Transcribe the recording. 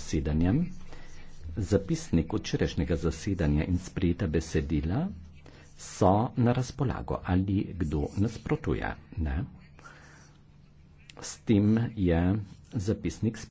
zasedanjem. Zapisnik včerajšnjega zasedanja in sprejeta besedila so na razpolago ali kdo nasprotuje. Ne? S tem je zapisnik sprejet.